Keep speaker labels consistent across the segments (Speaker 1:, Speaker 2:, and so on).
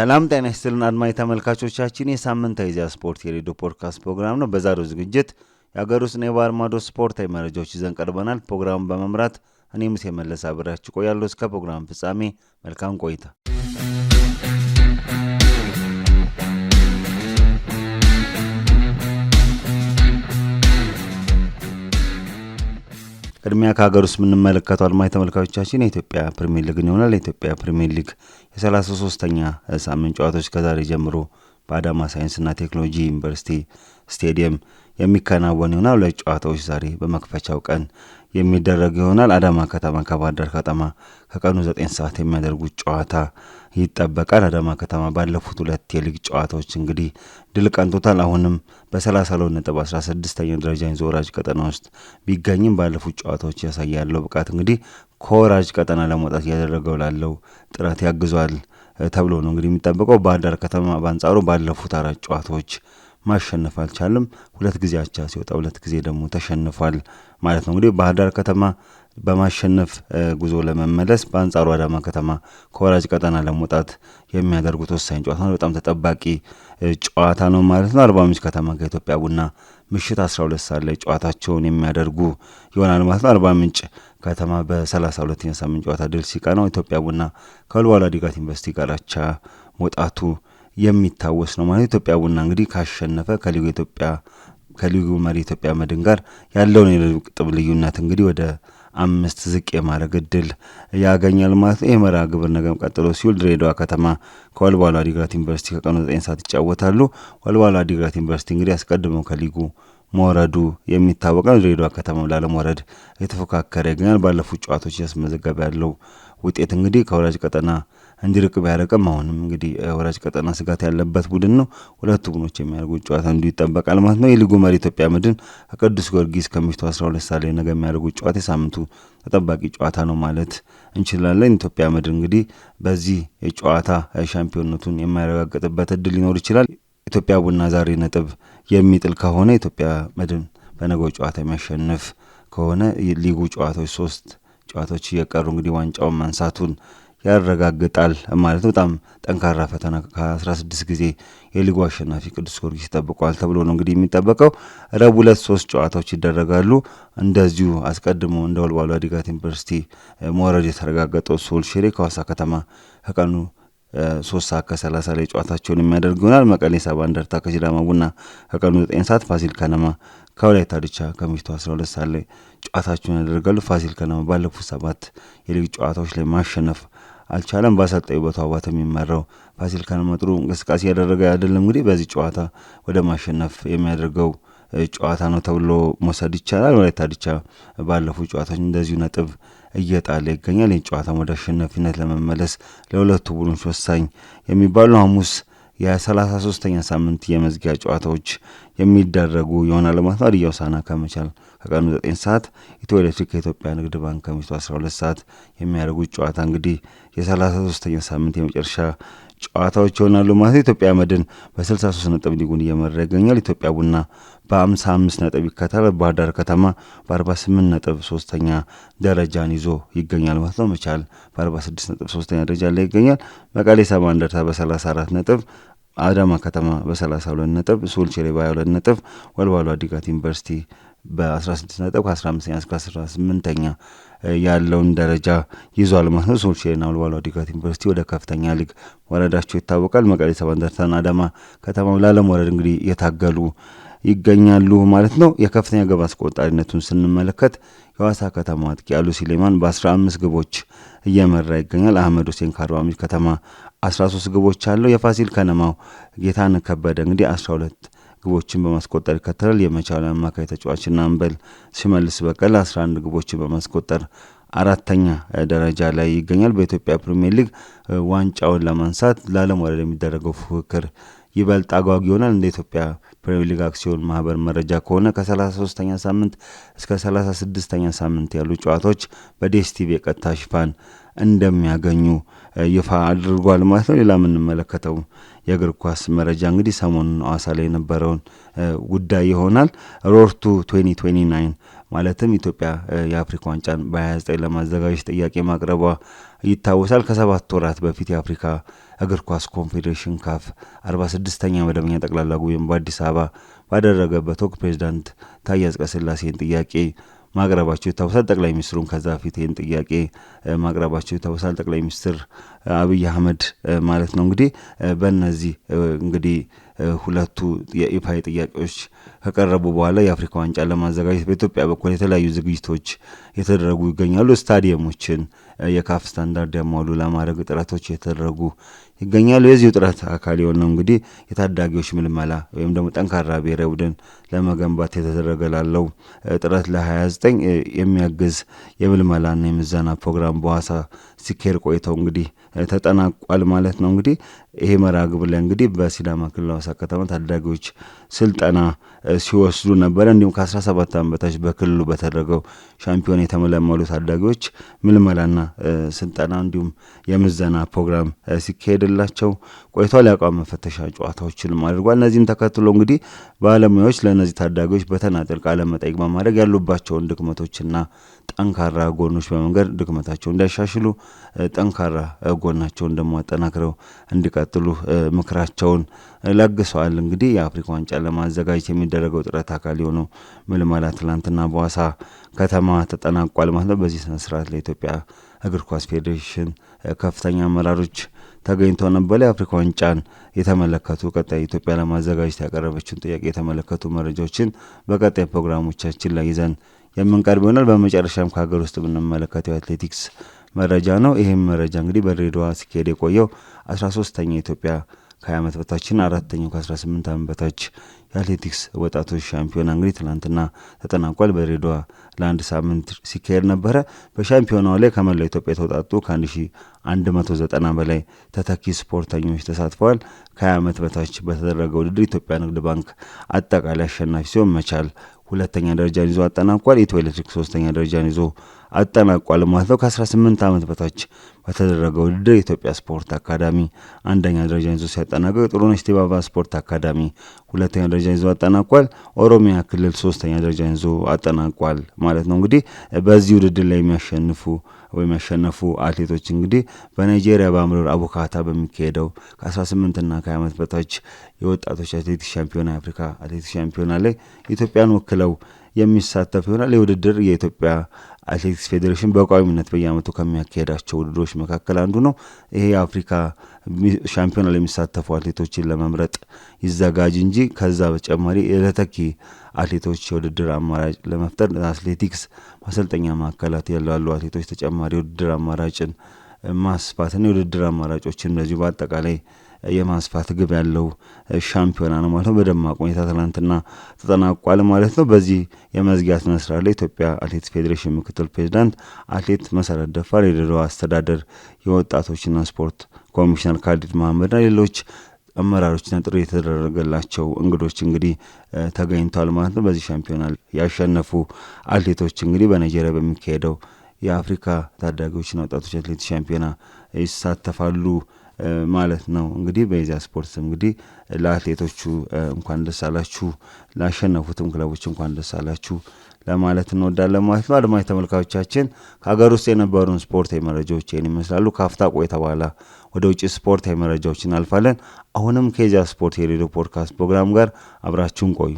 Speaker 1: ሰላም ጤና ይስጥልን አድማጭ ተመልካቾቻችን፣ የሳምንታዊ ኢዜአ ስፖርት የሬዲዮ ፖድካስት ፕሮግራም ነው። በዛሬው ዝግጅት የአገር ውስጥ የባህር ማዶ ስፖርታዊ መረጃዎች ይዘን ቀርበናል። ፕሮግራሙን በመምራት እኔ ሙሴ መለስ አብሬያችሁ ቆያለሁ። እስከ ፕሮግራም ፍጻሜ መልካም ቆይታ ቅድሚያ ከሀገር ውስጥ የምንመለከተው አድማጭ ተመልካቾቻችን የኢትዮጵያ ፕሪሚየር ሊግን ይሆናል። የኢትዮጵያ ፕሪሚየር ሊግ የሰላሳ ሶስተኛ ሳምንት ጨዋታዎች ከዛሬ ጀምሮ በአዳማ ሳይንስና ቴክኖሎጂ ዩኒቨርሲቲ ስቴዲየም የሚከናወን ይሆናል። ሁለት ጨዋታዎች ዛሬ በመክፈቻው ቀን የሚደረግ ይሆናል። አዳማ ከተማ ከባህር ዳር ከተማ ከቀኑ ዘጠኝ ሰዓት የሚያደርጉት ጨዋታ ይጠበቃል። አዳማ ከተማ ባለፉት ሁለት የሊግ ጨዋታዎች እንግዲህ ድል ቀንቶታል። አሁንም በ32 ነጥብ 16ኛ ደረጃን ይዞ ወራጅ ቀጠና ውስጥ ቢገኝም ባለፉት ጨዋታዎች ያሳየ ያለው ብቃት እንግዲህ ከወራጅ ቀጠና ለመውጣት እያደረገው ላለው ጥረት ያግዟል ተብሎ ነው እንግዲህ የሚጠበቀው። ባህር ዳር ከተማ በአንጻሩ ባለፉት አራት ጨዋታዎች ማሸነፍ አልቻለም። ሁለት ጊዜ አቻ ሲወጣ፣ ሁለት ጊዜ ደግሞ ተሸንፏል ማለት ነው። እንግዲህ ባህር ዳር ከተማ በማሸነፍ ጉዞ ለመመለስ በአንጻሩ አዳማ ከተማ ከወራጅ ቀጠና ለመውጣት የሚያደርጉት ወሳኝ ጨዋታ ነው። በጣም ተጠባቂ ጨዋታ ነው ማለት ነው። አርባ ምንጭ ከተማ ከኢትዮጵያ ቡና ምሽት 12 ሰዓት ላይ ጨዋታቸውን የሚያደርጉ ይሆናል ማለት ነው። አርባ ምንጭ ከተማ በ 32 ሳምንት ጨዋታ ድል ሲቀናው ኢትዮጵያ ቡና ከወልዋሎ ዲጋት ዩኒቨርሲቲ ጋር አቻ መውጣቱ የሚታወስ ነው ማለት ኢትዮጵያ ቡና እንግዲህ ካሸነፈ ከሊጉ ኢትዮጵያ ከሊጉ መሪ ኢትዮጵያ መድን ጋር ያለውን የነጥብ ልዩነት እንግዲህ ወደ አምስት ዝቅ የማድረግ እድል ያገኛል ማለት ነው። ይህ ግብር ነገም ቀጥሎ ሲውል ድሬዳዋ ከተማ ከወልዋሎ አዲግራት ዩኒቨርሲቲ ከቀኑ ዘጠኝ ሰዓት ይጫወታሉ። ወልዋሎ አዲግራት ዩኒቨርሲቲ እንግዲህ አስቀድመው ከሊጉ መውረዱ የሚታወቀ ነው። ድሬዳዋ ከተማ ላለመውረድ የተፎካከረ ይገኛል። ባለፉት ጨዋታዎች እያስመዘገበ ያለው ውጤት እንግዲህ ከወራጅ ቀጠና እንዲርቅ ቢያደርግም አሁንም እንግዲህ ወራጅ ቀጠና ስጋት ያለበት ቡድን ነው። ሁለቱ ቡድኖች የሚያደርጉት ጨዋታ እንዲሁ ይጠበቃል ማለት ነው። የሊጉ መሪ ኢትዮጵያ መድን ከቅዱስ ጊዮርጊስ ከምሽቱ 12 ሰዓት ላይ ነገ የሚያደርጉት ጨዋታ የሳምንቱ ተጠባቂ ጨዋታ ነው ማለት እንችላለን። ኢትዮጵያ መድን እንግዲህ በዚህ የጨዋታ ሻምፒዮንነቱን የማያረጋግጥበት እድል ሊኖር ይችላል። ኢትዮጵያ ቡና ዛሬ ነጥብ የሚጥል ከሆነ ኢትዮጵያ መድን በነገው ጨዋታ የሚያሸንፍ ከሆነ ሊጉ ጨዋታዎች ሶስት ጨዋታዎች እየቀሩ እንግዲህ ዋንጫውን ማንሳቱን ያረጋግጣል ማለት ነው። በጣም ጠንካራ ፈተና ከ16 ጊዜ የሊጉ አሸናፊ ቅዱስ ጊዮርጊስ ይጠብቀዋል ተብሎ ነው እንግዲህ የሚጠበቀው። ረቡዕ ሁለት ሶስት ጨዋታዎች ይደረጋሉ። እንደዚሁ አስቀድሞ እንደ ወልዋሎ ዓዲግራት ዩኒቨርሲቲ መውረድ የተረጋገጠው ሶል ሽሬ ከሀዋሳ ከተማ ከቀኑ ሶስት ሰዓት ከሰላሳ ላይ ጨዋታቸውን የሚያደርግ ይሆናል። መቀሌ ሰባ እንደርታ ከሲዳማ ቡና ከቀኑ ዘጠኝ ሰዓት፣ ፋሲል ከነማ ከወላይታ ድቻ ከምሽቱ አስራ ሁለት ሰዓት ላይ ጨዋታቸውን ያደርጋሉ። ፋሲል ከነማ ባለፉት ሰባት የሊግ ጨዋታዎች ላይ ማሸነፍ አልቻለም። በአሰልጣኙ በተዋባተ የሚመራው ፋሲል ከነማ ጥሩ እንቅስቃሴ ያደረገ አይደለም። እንግዲህ በዚህ ጨዋታ ወደ ማሸነፍ የሚያደርገው ጨዋታ ነው ተብሎ መውሰድ ይቻላል። ወላይታ ዲቻ ባለፉት ጨዋታዎች እንደዚሁ ነጥብ እየጣለ ይገኛል። ይህ ጨዋታ ወደ አሸናፊነት ለመመለስ ለሁለቱ ቡድኖች ወሳኝ የሚባሉ ሐሙስ የሰላሳ ሶስተኛ ሳምንት የመዝጊያ ጨዋታዎች የሚደረጉ ይሆናል ማለት ነው። ሀዲያ ሆሳዕና ከመቻል ከቀኑ 9 ሰዓት ኢትዮ ኤሌክትሪክ ከኢትዮጵያ ንግድ ባንክ ከምሽቱ 12 ሰዓት የሚያደርጉት ጨዋታ እንግዲህ የ 33 ሳምንት የመጨረሻ ጨዋታዎች ይሆናሉ ማለት ነው። ኢትዮጵያ መድን በ63 ነጥብ ሊጉን እየመራ ይገኛል። ኢትዮጵያ ቡና በ55 ነጥብ ይከተላል። ባህር ዳር ከተማ በ48 ነጥብ ሶስተኛ ደረጃን ይዞ ይገኛል ማለት ነው። መቻል በ46 ነጥብ ሶስተኛ ደረጃ ላይ ይገኛል። መቀሌ ሰባ እንደርታ በ34 ነጥብ አዳማ ከተማ በ32 ነጥብ፣ ሱልቼሌ በ22 ነጥብ፣ ወልዋሎ አዲግራት ዩኒቨርሲቲ በ16 ነጥብ ከ15ኛ እስከ 18ኛ ያለውን ደረጃ ይዟል ማለት ነው። ሶልሼርና ወልዋሎ ዓዲግራት ዩኒቨርሲቲ ወደ ከፍተኛ ሊግ መውረዳቸው ይታወቃል። መቀሌ ሰባ እንደርታና አዳማ ከተማ ላለመውረድ እንግዲህ እየታገሉ ይገኛሉ ማለት ነው። የከፍተኛ ግብ አስቆጣሪነቱን ስንመለከት የዋሳ ከተማ አጥቂ አሉ ሲሌማን በ15 ግቦች እየመራ ይገኛል። አህመድ ሁሴን ከአርባ ምንጭ ከተማ 13 ግቦች አለው። የፋሲል ከነማው ጌታ ከበደ እንግዲህ 12 ግቦችን በማስቆጠር ይከተላል። የመቻል አማካይ ተጫዋችና አንበል ሲመልስ በቀል 11 ግቦችን በማስቆጠር አራተኛ ደረጃ ላይ ይገኛል። በኢትዮጵያ ፕሪምየር ሊግ ዋንጫውን ለማንሳት ላለመውረድ የሚደረገው ፉክክር ይበልጥ አጓጊ ይሆናል። እንደ ኢትዮጵያ ፕሪምየር ሊግ አክሲዮን ማህበር መረጃ ከሆነ ከ33ኛ ሳምንት እስከ 36ኛ ሳምንት ያሉ ጨዋታዎች በዴስቲቪ የቀጥታ ሽፋን እንደሚያገኙ ይፋ አድርጓል ማለት ነው። ሌላ የምንመለከተው የእግር ኳስ መረጃ እንግዲህ ሰሞኑን አዋሳ ላይ የነበረውን ጉዳይ ይሆናል። ሮርቱ 2029 ማለትም ኢትዮጵያ የአፍሪካ ዋንጫን በ29 ለማዘጋጀት ጥያቄ ማቅረቧ ይታወሳል። ከሰባት ወራት በፊት የአፍሪካ እግር ኳስ ኮንፌዴሬሽን ካፍ 46ኛ መደበኛ ጠቅላላ ጉባኤም በአዲስ አበባ ባደረገበት ወቅት ፕሬዚዳንት ታዬ አጽቀሥላሴን ጥያቄ ማቅረባቸው ይታወሳል። ጠቅላይ ሚኒስትሩም ከዛ በፊት ይህን ጥያቄ ማቅረባቸው ይታወሳል። ጠቅላይ ሚኒስትር አብይ አህመድ ማለት ነው። እንግዲህ በእነዚህ እንግዲህ ሁለቱ የኢፓይ ጥያቄዎች ከቀረቡ በኋላ የአፍሪካ ዋንጫ ለማዘጋጀት በኢትዮጵያ በኩል የተለያዩ ዝግጅቶች የተደረጉ ይገኛሉ። ስታዲየሞችን የካፍ ስታንዳርድ ያሟሉ ለማድረግ ጥረቶች የተደረጉ ይገኛሉ። የዚሁ ጥረት አካል የሆነው እንግዲህ የታዳጊዎች ምልመላ ወይም ደግሞ ጠንካራ ብሔራዊ ቡድን ለመገንባት የተደረገ ላለው ጥረት ለ29 የሚያግዝ የምልመላና የምዘና ፕሮግራም በዋሳ ሲካሄድ ቆይተው እንግዲህ ተጠናቋል ማለት ነው። እንግዲህ ይሄ መርሃ ግብር ላይ እንግዲህ በሲዳማ ክልል ሐዋሳ ከተማ ታዳጊዎች ስልጠና ሲወስዱ ነበረ። እንዲሁም ከ17 ዓመት በታች በክልሉ በተደረገው ሻምፒዮን የተመለመሉ ታዳጊዎች ምልመላና ስልጠና እንዲሁም የምዘና ፕሮግራም ሲካሄድላቸው ቆይቷል። የአቋም መፈተሻ ጨዋታዎችንም አድርጓል። እነዚህም ተከትሎ እንግዲህ ባለሙያዎች ለእነዚህ ታዳጊዎች በተናጠል ቃለ መጠይቅ በማድረግ ያሉባቸውን ድክመቶችና ጠንካራ ጎኖች በመንገድ ድክመታቸው እንዲያሻሽሉ ጠንካራ ጎናቸውን ደግሞ አጠናክረው እንዲቀጥሉ ምክራቸውን ለግሰዋል። እንግዲህ የአፍሪካ ዋንጫ ለማዘጋጀት የሚደረገው ጥረት አካል የሆነው ምልመላ ትላንትና በዋሳ ከተማ ተጠናቋል ማለት ነው። በዚህ ስነስርዓት ለኢትዮጵያ እግር ኳስ ፌዴሬሽን ከፍተኛ አመራሮች ተገኝተው ነበር። የአፍሪካ ዋንጫን የተመለከቱ ቀጣይ ኢትዮጵያ ለማዘጋጀት ያቀረበችውን ጥያቄ የተመለከቱ መረጃዎችን በቀጣይ ፕሮግራሞቻችን ላይ ይዘን የምንቀርብ ይሆናል። በመጨረሻም ከሀገር ውስጥ ብንመለከተው የአትሌቲክስ መረጃ ነው። ይህም መረጃ እንግዲህ በድሬዳዋ ሲካሄድ የቆየው 13ተኛ ኢትዮጵያ ከ20 ዓመት በታችን አራተኛው ከ18 ዓመት በታች የአትሌቲክስ ወጣቶች ሻምፒዮና እንግዲህ ትናንትና ተጠናቋል። በድሬዳዋ ለአንድ ሳምንት ሲካሄድ ነበረ። በሻምፒዮናው ላይ ከመላ ኢትዮጵያ የተውጣጡ ከ1190 በላይ ተተኪ ስፖርተኞች ተሳትፈዋል። ከ20 ዓመት በታች በተደረገ ውድድር ኢትዮጵያ ንግድ ባንክ አጠቃላይ አሸናፊ ሲሆን መቻል ሁለተኛ ደረጃን ይዞ አጠናቋል። ኢትዮ ኤሌክትሪክ ሶስተኛ ደረጃን ይዞ አጠናቋል ማለት ነው። ከ18 ዓመት በታች በተደረገ ውድድር የኢትዮጵያ ስፖርት አካዳሚ አንደኛ ደረጃ ይዞ ሲያጠናቀቅ ጥሩነሽ ዲባባ ስፖርት አካዳሚ ሁለተኛ ደረጃ ይዞ አጠናቋል። ኦሮሚያ ክልል ሶስተኛ ደረጃ ይዞ አጠናቋል ማለት ነው። እንግዲህ በዚህ ውድድር ላይ የሚያሸንፉ ወይም ያሸነፉ አትሌቶች እንግዲህ በናይጄሪያ በአምሮር አቡካታ በሚካሄደው ከ18ና ከ20 ዓመት በታች የወጣቶች አትሌቲክስ ሻምፒዮና የአፍሪካ አትሌቲክስ ሻምፒዮና ላይ ኢትዮጵያን ወክለው የሚሳተፍ ይሆናል። የውድድር የኢትዮጵያ አትሌቲክስ ፌዴሬሽን በቋሚነት በየዓመቱ ከሚያካሄዳቸው ውድድሮች መካከል አንዱ ነው። ይሄ የአፍሪካ ሻምፒዮና የሚሳተፉ አትሌቶችን ለመምረጥ ይዘጋጅ እንጂ ከዛ በተጨማሪ ለተኪ አትሌቶች የውድድር አማራጭ ለመፍጠር አትሌቲክስ ማሰልጠኛ ማዕከላት ያሉ አትሌቶች ተጨማሪ የውድድር አማራጭን ማስፋትና የውድድር አማራጮችን እንደዚሁ በአጠቃላይ የማስፋት ግብ ያለው ሻምፒዮና ነው ማለት ነው። በደማቅ ሁኔታ ትላንትና ተጠናቋል ማለት ነው። በዚህ የመዝጊያ ስነ ላይ ኢትዮጵያ አትሌቲክስ ፌዴሬሽን ምክትል ፕሬዚዳንት አትሌት መሰረት ደፋር፣ የድሬዳዋ አስተዳደር የወጣቶችና ስፖርት ኮሚሽነር ካሊድ መሀመድና ሌሎች አመራሮችና ጥሪ የተደረገላቸው እንግዶች እንግዲህ ተገኝተዋል ማለት ነው። በዚህ ሻምፒዮና ያሸነፉ አትሌቶች እንግዲህ በናይጄሪያ በሚካሄደው የአፍሪካ ታዳጊዎችና ወጣቶች አትሌት ሻምፒዮና ይሳተፋሉ ማለት ነው። እንግዲህ በኢዜአ ስፖርት እንግዲህ ለአትሌቶቹ እንኳን ደስ አላችሁ፣ ላሸነፉትም ክለቦች እንኳን ደስ አላችሁ ለማለት እንወዳለን ማለት ነው። አድማጭ ተመልካቾቻችን ከሀገር ውስጥ የነበሩን ስፖርታዊ መረጃዎች ይህን ይመስላሉ። ከአፍታ ቆይታ በኋላ ወደ ውጭ ስፖርታዊ መረጃዎች እናልፋለን። አሁንም ከኢዜአ ስፖርት የሬዲዮ ፖድካስት ፕሮግራም ጋር አብራችሁን ቆዩ።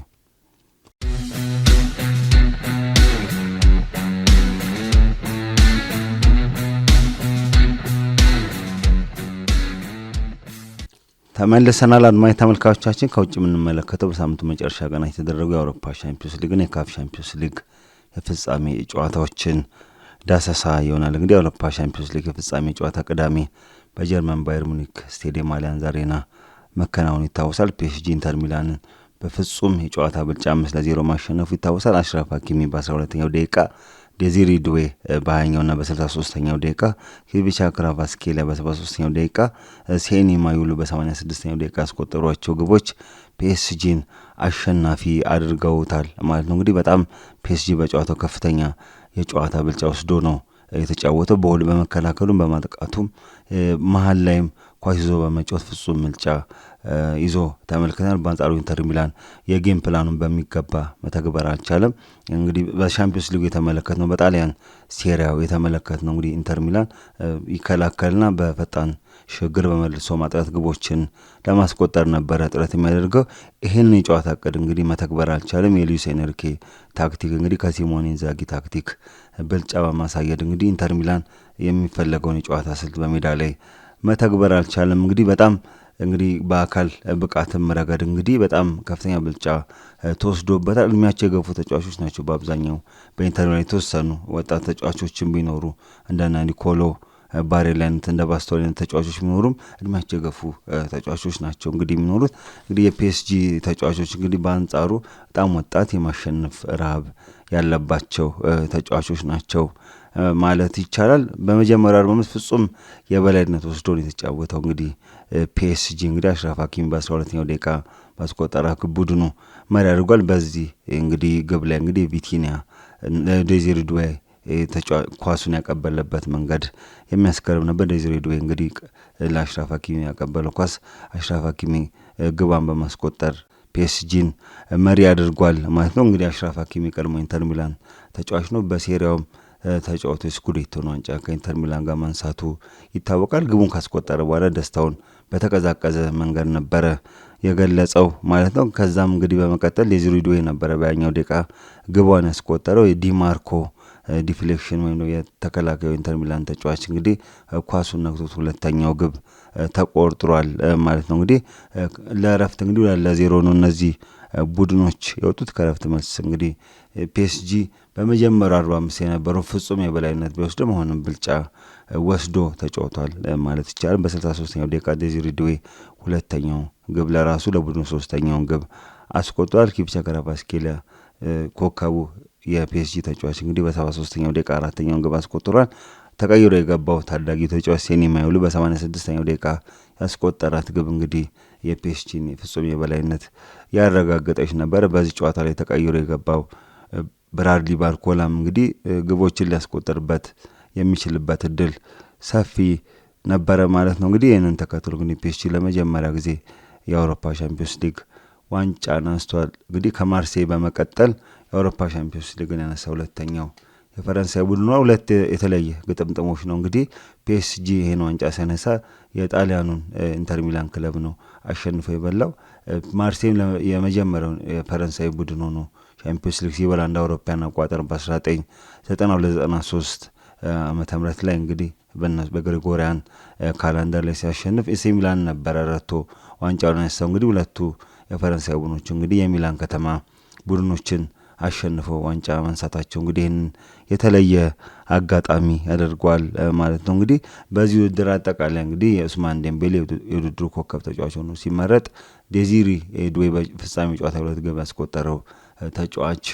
Speaker 1: ተመልሰናል አድማጭ ተመልካቾቻችን። ከውጭ የምንመለከተው በሳምንቱ መጨረሻ ቀና የተደረጉ የአውሮፓ ሻምፒዮንስ ሊግና የካፍ ሻምፒዮንስ ሊግ የፍጻሜ ጨዋታዎችን ዳሰሳ ይሆናል። እንግዲህ የአውሮፓ ሻምፒዮንስ ሊግ የፍጻሜ ጨዋታ ቅዳሜ በጀርመን ባየር ሙኒክ ስቴዲየም አሊያንዝ አሬና መከናወኑ ይታወሳል። ፒኤስጂ ኢንተር ሚላንን በፍጹም የጨዋታ ብልጫ አምስት ለዜሮ ማሸነፉ ይታወሳል። አሽራፍ ሀኪሚ በአስራ ሁለተኛው ደቂቃ ዴዚሪ ዱዌ በሀያኛውና በስልሳ ሶስተኛው ደቂቃ ኪቢቻ ክራቫስኬሊያ በሰባ ሶስተኛው ደቂቃ ሴኒ ማዩሉ በሰማኒያ ስድስተኛው ደቂቃ ያስቆጠሯቸው ግቦች ፒኤስጂን አሸናፊ አድርገውታል ማለት ነው። እንግዲህ በጣም ፒኤስጂ በጨዋታው ከፍተኛ የጨዋታ ብልጫ ወስዶ ነው የተጫወተው። በሁሉ በመከላከሉም በማጥቃቱም መሀል ላይም ኳስ ይዞ በመጫወት ፍጹም ምልጫ ይዞ ተመልክተናል። በአንጻሩ ኢንተር ሚላን የጌም ፕላኑን በሚገባ መተግበር አልቻለም። እንግዲህ በሻምፒዮንስ ሊጉ ነው፣ በጣሊያን ሴሪያው ነው። እንግዲህ ኢንተር ሚላን ይከላከልና በፈጣን ሽግግር በመልሶ ማጥራት ግቦችን ለማስቆጠር ነበረ ጥረት የሚያደርገው። ይህንን የጨዋታ እቅድ እንግዲህ መተግበር አልቻለም። የሉዊስ ኤንሪኬ ታክቲክ እንግዲህ ከሲሞኔ ኢንዛጊ ታክቲክ ብልጫ በማሳየድ እንግዲህ ኢንተር ሚላን የሚፈለገውን የጨዋታ ስልት በሜዳ ላይ መተግበር አልቻለም። እንግዲህ በጣም እንግዲህ በአካል ብቃትም ረገድ እንግዲህ በጣም ከፍተኛ ብልጫ ተወስዶበታል። እድሜያቸው የገፉ ተጫዋቾች ናቸው በአብዛኛው በኢንተር ሚላን የተወሰኑ ወጣት ተጫዋቾችም ቢኖሩ እንደና ኒኮሎ ባሬላ አይነት እንደ ባስቶኒ አይነት ተጫዋቾች ቢኖሩም እድሜያቸው የገፉ ተጫዋቾች ናቸው እንግዲህ የሚኖሩት። እንግዲህ የፒኤስጂ ተጫዋቾች እንግዲህ በአንጻሩ በጣም ወጣት የማሸነፍ ረሃብ ያለባቸው ተጫዋቾች ናቸው። ማለት ይቻላል። በመጀመሪያው አርባ አምስት ፍጹም የበላይነት ወስዶ ነው የተጫወተው። እንግዲህ ፒኤስጂ እንግዲህ አሽራፍ ሀኪሚ በአስራ ሁለተኛው ደቂቃ ባስቆጠራ ቡድኑ መሪ አድርጓል። በዚህ እንግዲህ ግብ ላይ እንግዲህ ቪቲኒያ ዴዚሬ ዱዌ ኳሱን ያቀበለበት መንገድ የሚያስገርም ነበር። ዴዚሬ ዱዌ እንግዲህ ለአሽራፍ ሀኪሚ ያቀበለው ኳስ አሽራፍ ሀኪሚ ግባን በማስቆጠር ፒኤስጂን መሪ አድርጓል ማለት ነው። እንግዲህ አሽራፍ ሀኪሚ የቀድሞ ኢንተር ሚላን ተጫዋች ነው። በሴሪያውም ተጫዋቾች ስኩዴቶን ዋንጫ ከኢንተር ሚላን ጋር ማንሳቱ ይታወቃል። ግቡን ካስቆጠረ በኋላ ደስታውን በተቀዛቀዘ መንገድ ነበረ የገለጸው ማለት ነው። ከዛም እንግዲህ በመቀጠል የዚሩዶ የነበረ በያኛው ደቂቃ ግቧን ያስቆጠረው የዲማርኮ ዲፍሌክሽን ወይም የተከላካዩ ኢንተር ሚላን ተጫዋች እንግዲህ ኳሱን ነክቶት ሁለተኛው ግብ ተቆርጥሯል ማለት ነው። እንግዲህ ለእረፍት እንግዲህ ለዜሮ ነው እነዚህ ቡድኖች የወጡት ከረፍት መልስ እንግዲህ ፒኤስጂ በመጀመሪያው አምስት የነበረው ፍጹም የበላይነት ቢወስድም መሆንም ብልጫ ወስዶ ተጫውቷል ማለት ይቻላል በስልሳ ሶስተኛው ኛው ደቂቃ ዴዚሬ ዱዌ ሁለተኛው ግብ ለራሱ ለቡድኑ ሶስተኛውን ግብ አስቆጥሯል። ኪፕቻ ካራባስኬላ ኮከቡ የፒኤስጂ ተጫዋች እንግዲህ በሰባ ሶስተኛው ኛው ደቂቃ አራተኛውን ግብ አስቆጥሯል። ተቀይሮ የገባው ታዳጊ ተጫዋች ሴኒ ማዩሉ በ ስድስተኛው ኛው ደቂቃ ያስቆጠራት ግብ እንግዲህ የፔስጂን ፍጹም የበላይነት ያረጋገጠች ነበር። በዚህ ጨዋታ ላይ ተቀይሮ የገባው ብራድሊ ባርኮላም እንግዲህ ግቦችን ሊያስቆጥርበት የሚችልበት እድል ሰፊ ነበረ ማለት ነው። እንግዲህ ይህንን ተከትሎ ግን ፒኤስጂ ለመጀመሪያ ጊዜ የአውሮፓ ሻምፒዮንስ ሊግ ዋንጫን አንስቷል። እንግዲህ ከማርሴይ በመቀጠል የአውሮፓ ሻምፒዮንስ ሊግን ያነሳ ሁለተኛው የፈረንሳይ ቡድኗ ሁለት የተለየ ግጥምጥሞች ነው እንግዲህ ፒኤስጂ ይህን ዋንጫ ሲያነሳ የጣሊያኑን ኢንተር ሚላን ክለብ ነው አሸንፎ የበላው። ማርሴም የመጀመሪያውን የፈረንሳይ ቡድን ሆኖ ሻምፒዮንስ ሊግ ሲበላ እንደ አውሮፓውያን አቋጠር በ 1993 93 ዓመተ ምህረት ላይ እንግዲህ በግሪጎሪያን ካላንደር ላይ ሲያሸንፍ ኤሲ ሚላን ነበረ ረቶ ዋንጫውን ያነሳው። እንግዲህ ሁለቱ የፈረንሳይ ቡድኖች እንግዲህ የሚላን ከተማ ቡድኖችን አሸንፈው ዋንጫ ማንሳታቸው እንግዲህ ይህንን የተለየ አጋጣሚ ያደርገዋል ማለት ነው። እንግዲህ በዚህ ውድድር አጠቃላይ እንግዲህ የኡስማን ዴምቤሌ የውድድሩ ኮከብ ተጫዋች ሆኖ ሲመረጥ፣ ዴዚሪ ዱዌ በፍጻሜ ጨዋታ ሁለት ግብ ያስቆጠረው ተጫዋች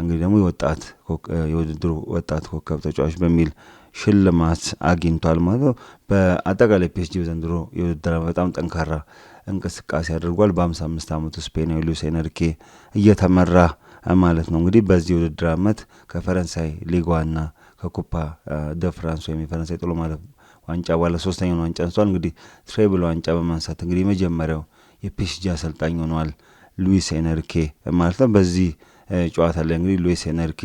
Speaker 1: እንግዲህ ደግሞ የወጣት የውድድሩ ወጣት ኮከብ ተጫዋች በሚል ሽልማት አግኝቷል ማለት ነው። በአጠቃላይ ፒኤስጂ ዘንድሮ የውድድር በጣም ጠንካራ እንቅስቃሴ አድርጓል። በ55 ዓመቱ ስፔናዊ ሉዊስ ኤንሪኬ እየተመራ ማለት ነው። እንግዲህ በዚህ ውድድር ዓመት ከፈረንሳይ ሊግ ከኩፓ ደ ፍራንስ ወይም የፈረንሳይ ጥሎ ማለፍ ዋንጫ ባለ ሶስተኛውን ዋንጫ አንስቷል። እንግዲህ ትሬብል ዋንጫ በማንሳት እንግዲህ የመጀመሪያው የፒኤስጂ አሰልጣኝ ሆነዋል ሉዊስ ኤነርኬ ማለት ነው። በዚህ ጨዋታ ላይ እንግዲህ ሉዊስ ኤነርኬ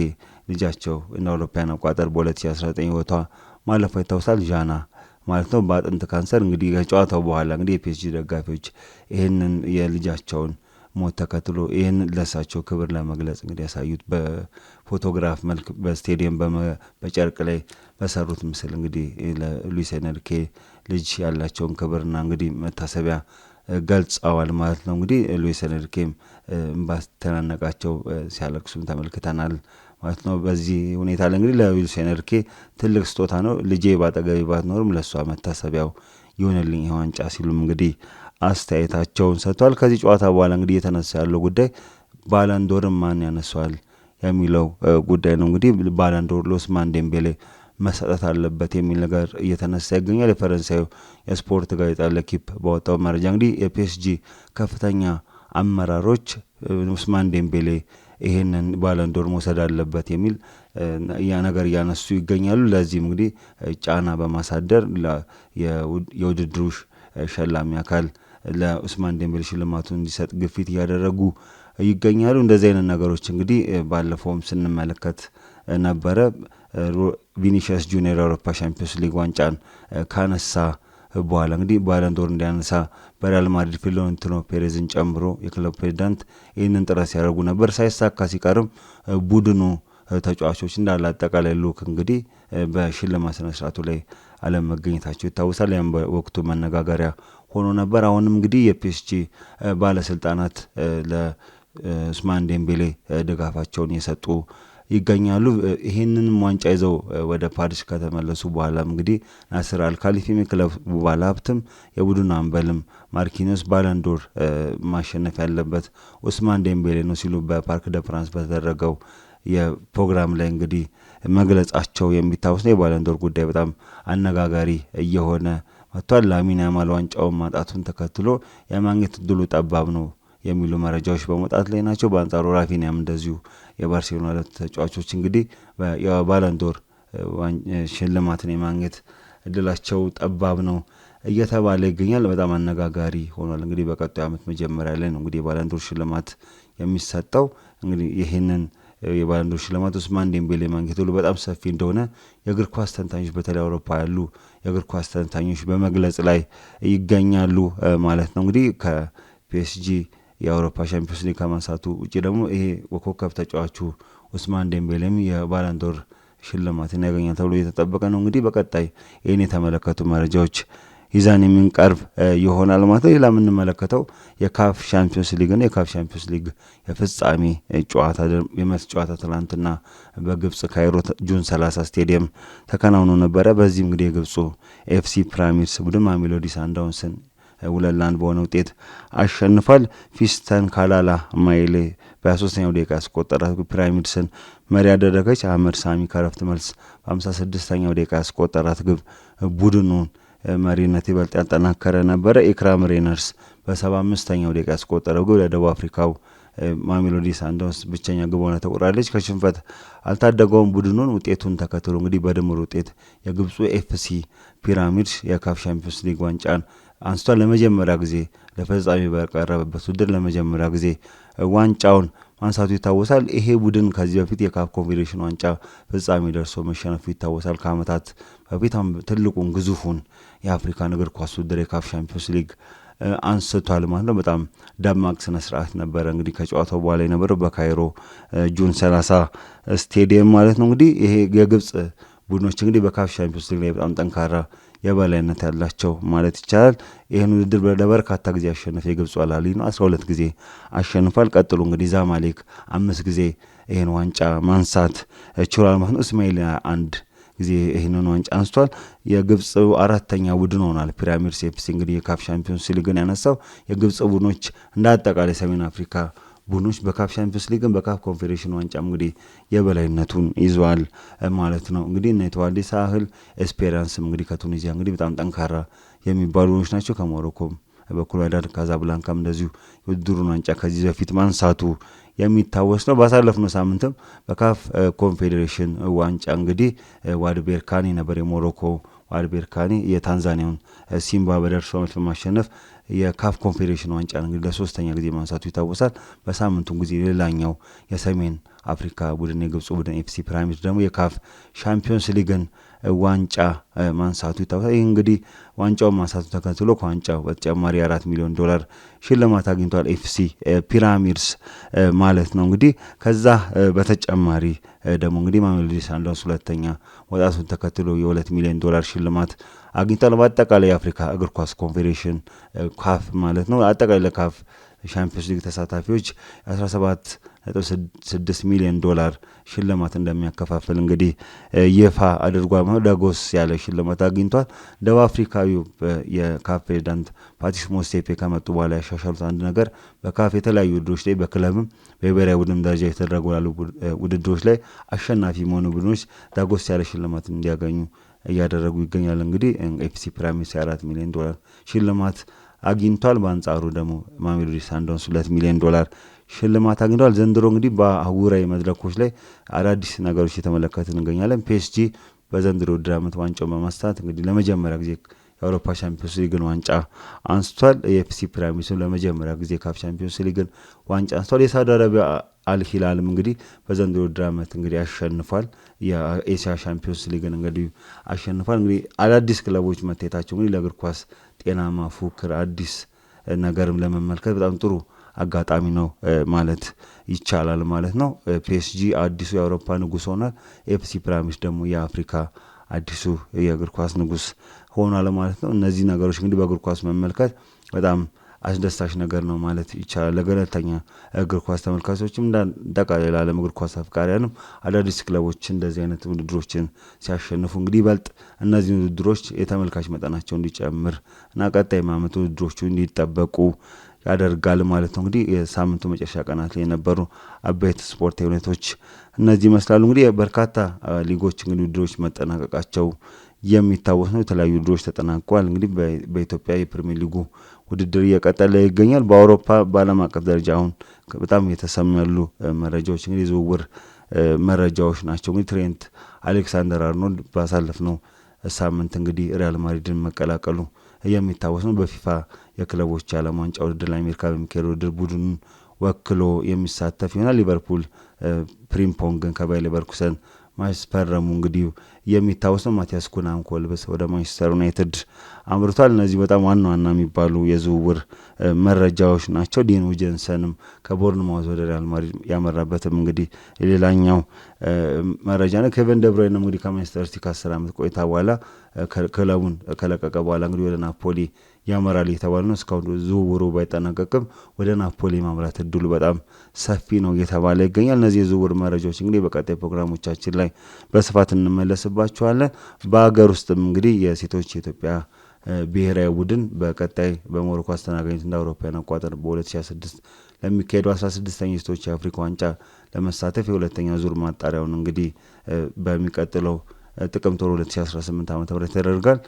Speaker 1: ልጃቸው እንደ አውሮፓያን አቋጠር በ2019 ህይወቷ ማለፏ ይታወሳል። ዣና ማለት ነው በአጥንት ካንሰር እንግዲህ ከጨዋታው በኋላ እንግዲህ የፒኤስጂ ደጋፊዎች ይህንን የልጃቸውን ሞት ተከትሎ ይህን ለሳቸው ክብር ለመግለጽ እንግዲህ ያሳዩት በፎቶግራፍ መልክ በስቴዲየም በጨርቅ ላይ በሰሩት ምስል እንግዲህ ለሉዊስ ኤንሪኬ ልጅ ያላቸውን ክብርና እንግዲህ መታሰቢያ ገልጸዋል ማለት ነው። እንግዲህ ሉዊስ ኤንሪኬም ባስተናነቃቸው ሲያለቅሱም ተመልክተናል ማለት ነው። በዚህ ሁኔታ ላይ እንግዲህ ለሉዊስ ኤንሪኬ ትልቅ ስጦታ ነው። ልጄ ባጠገቢ ባትኖርም ለእሷ መታሰቢያው ይሆንልኝ ዋንጫ ሲሉም እንግዲህ አስተያየታቸውን ሰጥተዋል። ከዚህ ጨዋታ በኋላ እንግዲህ እየተነሳ ያለው ጉዳይ ባላንዶርን ማን ያነሷል የሚለው ጉዳይ ነው። እንግዲህ ባላንዶር ለኡስማን ዴምቤሌ መሰጠት አለበት የሚል ነገር እየተነሳ ይገኛል። የፈረንሳዩ የስፖርት ጋዜጣ ለኪፕ በወጣው መረጃ እንግዲህ የፒኤስጂ ከፍተኛ አመራሮች ኡስማን ዴምቤሌ ይሄንን ባለንዶር መውሰድ አለበት የሚል ነገር እያነሱ ይገኛሉ። ለዚህም እንግዲህ ጫና በማሳደር የውድድሩ ሸላሚ አካል ለኡስማን ዴምቤል ሽልማቱ እንዲሰጥ ግፊት እያደረጉ ይገኛሉ። እንደዚህ አይነት ነገሮች እንግዲህ ባለፈውም ስንመለከት ነበረ። ቪኒሽስ ጁኒየር የአውሮፓ ሻምፒዮንስ ሊግ ዋንጫን ካነሳ በኋላ እንግዲህ ባለንዶር እንዲያነሳ በሪያል ማድሪድ ፍሎሬንቲኖ ፔሬዝን ጨምሮ የክለብ ፕሬዚዳንት ይህንን ጥረት ሲያደርጉ ነበር። ሳይሳካ ሲቀርም ቡድኑ ተጫዋቾች እንዳለ አጠቃላይ ልኡክ እንግዲህ በሽልማት ስነስርዓቱ ላይ አለመገኘታቸው ይታወሳል። ያም በወቅቱ መነጋገሪያ ሆኖ ነበር። አሁንም እንግዲህ የፒኤስጂ ባለስልጣናት ለኡስማን ዴምቤሌ ድጋፋቸውን የሰጡ ይገኛሉ። ይህንንም ዋንጫ ይዘው ወደ ፓሪስ ከተመለሱ በኋላም እንግዲህ ናስር አልካሊፊም የክለቡ ባለሀብትም የቡድን አምበልም ማርኪኒዮስ ባለንዶር ማሸነፍ ያለበት ኡስማን ዴምቤሌ ነው ሲሉ በፓርክ ደ ፍራንስ በተደረገው የፕሮግራም ላይ እንግዲህ መግለጻቸው የሚታወስ ነው። የባለንዶር ጉዳይ በጣም አነጋጋሪ እየሆነ መጥቷል። ላሚን ያማል ዋንጫውን ማጣቱን ተከትሎ የማግኘት እድሉ ጠባብ ነው የሚሉ መረጃዎች በመውጣት ላይ ናቸው። በአንጻሩ ራፊኒያም እንደዚሁ የባርሴሎና ሁለት ተጫዋቾች እንግዲህ የባለንዶር ሽልማትን የማግኘት እድላቸው ጠባብ ነው እየተባለ ይገኛል። በጣም አነጋጋሪ ሆኗል። እንግዲህ በቀጣዩ ዓመት መጀመሪያ ላይ ነው እንግዲህ የባለንዶር ሽልማት የሚሰጠው። እንግዲህ ይህንን የባለንዶር ሽልማት ኡስማን ዴምቤሌ ማግኘት ሁሉ በጣም ሰፊ እንደሆነ የእግር ኳስ ተንታኞች በተለይ አውሮፓ ያሉ የእግር ኳስ ተንታኞች በመግለጽ ላይ ይገኛሉ ማለት ነው። እንግዲህ ከፒኤስጂ የአውሮፓ ሻምፒዮንስ ሊግ ከማንሳቱ ውጭ ደግሞ ይሄ ኮከብ ተጫዋቹ ኡስማን ዴምቤሌም የባላንዶር ሽልማትን ያገኛል ተብሎ እየተጠበቀ ነው። እንግዲህ በቀጣይ ይህን የተመለከቱ መረጃዎች ይዘን የምንቀርብ ይሆናል ማለት ነው። ሌላ የምንመለከተው የካፍ ሻምፒዮንስ ሊግ ነው። የካፍ ሻምፒዮንስ ሊግ የፍጻሜ ጨዋታ የመልስ ጨዋታ ትላንትና በግብፅ ካይሮ ጁን 30 ስቴዲየም ተከናውኖ ነበረ። በዚህም እንግዲህ የግብፁ ኤፍሲ ፕራሚርስ ቡድን ማሜሎዲ ሳንዳውንስን ሁለት ለአንድ በሆነ ውጤት አሸንፏል። ፊስተን ካላላ ማይሌ በ23ኛው ደቂቃ ያስቆጠራት ፒራሚድስን መሪ ያደረገች። አህመድ ሳሚ ከረፍት መልስ በ56ኛው ደቂቃ ያስቆጠራት ግብ ቡድኑን መሪነት ይበልጥ ያጠናከረ ነበረ። ኢክራም ሬነርስ በሰባ አምስተኛው ደቂቃ ያስቆጠረው ግብ ለደቡብ አፍሪካው ማሜሎዲ ሳንዳውንስ ብቸኛ ግብ ሆነ ተቆጥራለች። ከሽንፈት አልታደገውም ቡድኑን ውጤቱን ተከትሎ እንግዲህ በድምር ውጤት የግብፁ ኤፍሲ ፒራሚድ የካፍ ሻምፒዮንስ ሊግ ዋንጫን አንስቷል። ለመጀመሪያ ጊዜ ለፍጻሜ በቀረበበት ውድድር ለመጀመሪያ ጊዜ ዋንጫውን ማንሳቱ ይታወሳል። ይሄ ቡድን ከዚህ በፊት የካፍ ኮንፌዴሬሽን ዋንጫ ፍጻሜ ደርሶ መሸነፉ ይታወሳል። ከአመታት በፊት ትልቁን ግዙፉን የአፍሪካን እግር ኳስ ውድድር የካፍ ሻምፒዮንስ ሊግ አንስቷል ማለት ነው። በጣም ደማቅ ስነ ስርዓት ነበረ። እንግዲህ ከጨዋታው በኋላ የነበረው በካይሮ ጁን 30 ስቴዲየም ማለት ነው። እንግዲህ ይሄ የግብጽ ቡድኖች እንግዲህ በካፍ ሻምፒዮንስ ሊግ ላይ በጣም ጠንካራ የበላይነት ያላቸው ማለት ይቻላል። ይህን ውድድር ለበርካታ ጊዜ ያሸነፈ የግብጽ አላሊ ነው። 12 ጊዜ አሸንፏል። ቀጥሎ እንግዲህ ዛማሌክ አምስት ጊዜ ይህን ዋንጫ ማንሳት ችሏል ማለት ነው። እስማኤል አንድ ጊዜ ይህንን ዋንጫ አንስቷል። የግብፅ አራተኛ ቡድን ሆኗል። ፒራሚድስ ኤፍሲ እንግዲህ የካፍ ሻምፒዮንስ ሊግን ያነሳው የግብፅ ቡድኖች እንደ አጠቃላይ ሰሜን አፍሪካ ቡድኖች በካፍ ሻምፒዮንስ ሊግን በካፍ ኮንፌዴሬሽን ዋንጫ እንግዲህ የበላይነቱን ይዟል ማለት ነው። እንግዲህ እነ ኢትዋዲ ሳህል ኤስፔራንስም እንግዲህ ከቱኒዚያ እንግዲህ በጣም ጠንካራ የሚባሉ ቡድኖች ናቸው። ከሞሮኮም በኩል ካዛብላንካም እንደዚሁ የውድድሩን ዋንጫ ከዚህ በፊት ማንሳቱ የሚታወስ ነው። ባሳለፍነው ሳምንትም በካፍ ኮንፌዴሬሽን ዋንጫ እንግዲህ ዋድቤር ካኔ ነበር የሞሮኮ ዋድቤር ካኔ የታንዛኒያውን ሲምባ በደርሶ መልስ በማሸነፍ የካፍ ኮንፌዴሬሽን ዋንጫ እንግዲህ ለሶስተኛ ጊዜ ማንሳቱ ይታወሳል። በሳምንቱ ጊዜ ሌላኛው የሰሜን አፍሪካ ቡድን የግብፁ ቡድን ኤፍሲ ፒራሚድ ደግሞ የካፍ ሻምፒዮንስ ሊግን ዋንጫ ማንሳቱ ይታወሳል። ይህ እንግዲህ ዋንጫውን ማንሳቱ ተከትሎ ከዋንጫው በተጨማሪ አራት ሚሊዮን ዶላር ሽልማት አግኝቷል። ኤፍሲ ፒራሚድስ ማለት ነው። እንግዲህ ከዛ በተጨማሪ ደግሞ እንግዲህ ማሜሎዲ ሳንዳውንስ ሁለተኛ ወጣቱን ተከትሎ የሁለት ሚሊዮን ዶላር ሽልማት አግኝቷል። በአጠቃላይ የአፍሪካ እግር ኳስ ኮንፌዴሬሽን ካፍ ማለት ነው። አጠቃላይ ለካፍ ሻምፒዮንስ ሊግ ተሳታፊዎች 17 ነጥብ ስድስት ሚሊዮን ዶላር ሽልማት እንደሚያከፋፍል እንግዲህ ይፋ አድርጓል ማለት ዳጎስ ያለ ሽልማት አግኝቷል። ደቡብ አፍሪካዊው የካፍ ፕሬዚዳንት ፓቲስ ሞሴፔ ከመጡ በኋላ ያሻሻሉት አንድ ነገር በካፍ የተለያዩ ውድድሮች ላይ በክለብም በብሔራዊ ቡድን ደረጃ የተደረጉ ላሉ ውድድሮች ላይ አሸናፊ መሆኑ ቡድኖች ዳጎስ ያለ ሽልማት እንዲያገኙ እያደረጉ ይገኛል። እንግዲህ ኤፍሲ ፒራሚድስ የአራት ሚሊዮን ዶላር ሽልማት አግኝቷል። በአንጻሩ ደግሞ ማሜሎዲ ሳንዳውንስ ሁለት ሚሊዮን ዶላር ሽልማት አግኝተዋል። ዘንድሮ እንግዲህ በአህጉራዊ መድረኮች ላይ አዳዲስ ነገሮች እየተመለከትን እንገኛለን። ፒኤስጂ በዘንድሮ ውድድር ዓመት ዋንጫው በማንሳት እንግዲህ ለመጀመሪያ ጊዜ የአውሮፓ ሻምፒዮንስ ሊግን ዋንጫ አንስቷል። የኤፍሲ ፒራሚድስም ለመጀመሪያ ጊዜ ካፍ ሻምፒዮንስ ሊግን ዋንጫ አንስቷል። የሳውዲ አረቢያ አልሂላልም እንግዲህ በዘንድሮ ውድድር ዓመት እንግዲህ አሸንፏል። የኤሲያ ሻምፒዮንስ ሊግን እንግዲህ አሸንፏል። እንግዲህ አዳዲስ ክለቦች መታየታቸው እንግዲህ ለእግር ኳስ ጤናማ ፉክክር አዲስ ነገርም ለመመልከት በጣም ጥሩ አጋጣሚ ነው ማለት ይቻላል ማለት ነው። ፒኤስጂ አዲሱ የአውሮፓ ንጉስ ሆኗል። ኤፍሲ ፕራሚስ ደግሞ የአፍሪካ አዲሱ የእግር ኳስ ንጉስ ሆኗል ማለት ነው። እነዚህ ነገሮች እንግዲህ በእግር ኳስ መመልከት በጣም አስደሳች ነገር ነው ማለት ይቻላል። ለገለልተኛ እግር ኳስ ተመልካቾችም እንዳጠቃላይ ለዓለም እግር ኳስ አፍቃሪያንም አዳዲስ ክለቦች እንደዚህ አይነት ውድድሮችን ሲያሸንፉ እንግዲህ ይበልጥ እነዚህ ውድድሮች የተመልካች መጠናቸው እንዲጨምር እና ቀጣይ ዓመት ውድድሮቹ እንዲጠበቁ ያደርጋል ማለት ነው። እንግዲህ የሳምንቱ መጨረሻ ቀናት ላይ የነበሩ አበይት ስፖርታዊ ሁኔታዎች እነዚህ ይመስላሉ። እንግዲህ በርካታ ሊጎች እንግዲህ ውድድሮች መጠናቀቃቸው የሚታወስ ነው። የተለያዩ ውድድሮች ተጠናቋል። እንግዲህ በኢትዮጵያ የፕሪሚየር ሊጉ ውድድር እየቀጠለ ይገኛል። በአውሮፓ በዓለም አቀፍ ደረጃ አሁን በጣም የተሰሙ ያሉ መረጃዎች እንግዲህ የዝውውር መረጃዎች ናቸው። እንግዲህ ትሬንት አሌክሳንደር አርኖልድ ባሳለፍነው ሳምንት እንግዲህ ሪያል ማድሪድን መቀላቀሉ የሚታወስ ነው። በፊፋ የክለቦች የዓለም ዋንጫ ውድድር ላይ አሜሪካ በሚካሄድ ውድድር ቡድኑን ወክሎ የሚሳተፍ ይሆናል። ሊቨርፑል ፕሪምፖንግን ከባይ ሌቨርኩሰን ማስፈረሙ እንግዲህ የሚታወስ ነው። ማቲያስ ኩናም ኮልበስ ወደ ማንቸስተር ዩናይትድ አምርቷል። እነዚህ በጣም ዋና ዋና የሚባሉ የዝውውር መረጃዎች ናቸው። ዲኑ ጀንሰንም ከቦርንማውዝ ወደ ሪያል ማድሪድ ያመራበትም እንግዲህ ሌላኛው መረጃ ነው። ኬቨን ደብሮይንም እንግዲህ ከማንቸስተር ሲቲ ከአስር ዓመት ቆይታ በኋላ ክለቡን ከለቀቀ በኋላ እንግዲህ ወደ ናፖሊ ያመራል እየተባለ ነው። እስካሁን ዝውውሩ ባይጠናቀቅም ወደ ናፖሊ ማምራት እድሉ በጣም ሰፊ ነው እየተባለ ይገኛል። እነዚህ የዝውውር መረጃዎች እንግዲህ በቀጣይ ፕሮግራሞቻችን ላይ በስፋት እንመለስበት እናቀርብባችኋለን። በሀገር ውስጥም እንግዲህ የሴቶች የኢትዮጵያ ብሔራዊ ቡድን በቀጣይ በሞሮኮ አስተናጋጅነት እንደ አውሮፓውያን አቋጠር በ2026 ለሚካሄደው 16ኛ የሴቶች የአፍሪካ ዋንጫ ለመሳተፍ የሁለተኛ ዙር ማጣሪያውን እንግዲህ በሚቀጥለው ጥቅምት ወር 2018 ዓ.ም ተደርጋል።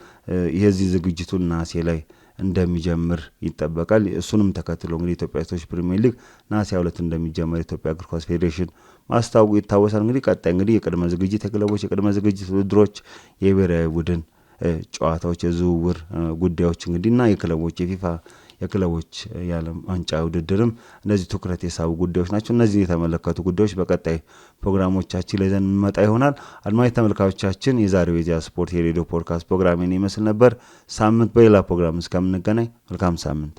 Speaker 1: የዚህ ዝግጅቱ ነሐሴ ላይ እንደሚጀምር ይጠበቃል። እሱንም ተከትሎ እንግዲህ የኢትዮጵያ ሴቶች ፕሪሚየር ሊግ ነሐሴ ሁለት እንደሚጀምር የኢትዮጵያ እግር ኳስ ፌዴሬሽን ማስታወቁ ይታወሳል። እንግዲህ ቀጣይ እንግዲህ የቅድመ ዝግጅት የክለቦች የቅድመ ዝግጅት ውድድሮች፣ የብሔራዊ ቡድን ጨዋታዎች፣ የዝውውር ጉዳዮች እንግዲህ እና የክለቦች የፊፋ የክለቦች የዓለም ዋንጫ ውድድርም እነዚህ ትኩረት የሳቡ ጉዳዮች ናቸው። እነዚህ የተመለከቱ ጉዳዮች በቀጣይ ፕሮግራሞቻችን ላይ የሚመጣ ይሆናል። አድማጭ ተመልካቾቻችን የዛሬው የኢዜአ ስፖርት የሬዲዮ ፖድካስት ፕሮግራሜን ይመስል ነበር። ሳምንት በሌላ ፕሮግራም እስከምንገናኝ መልካም ሳምንት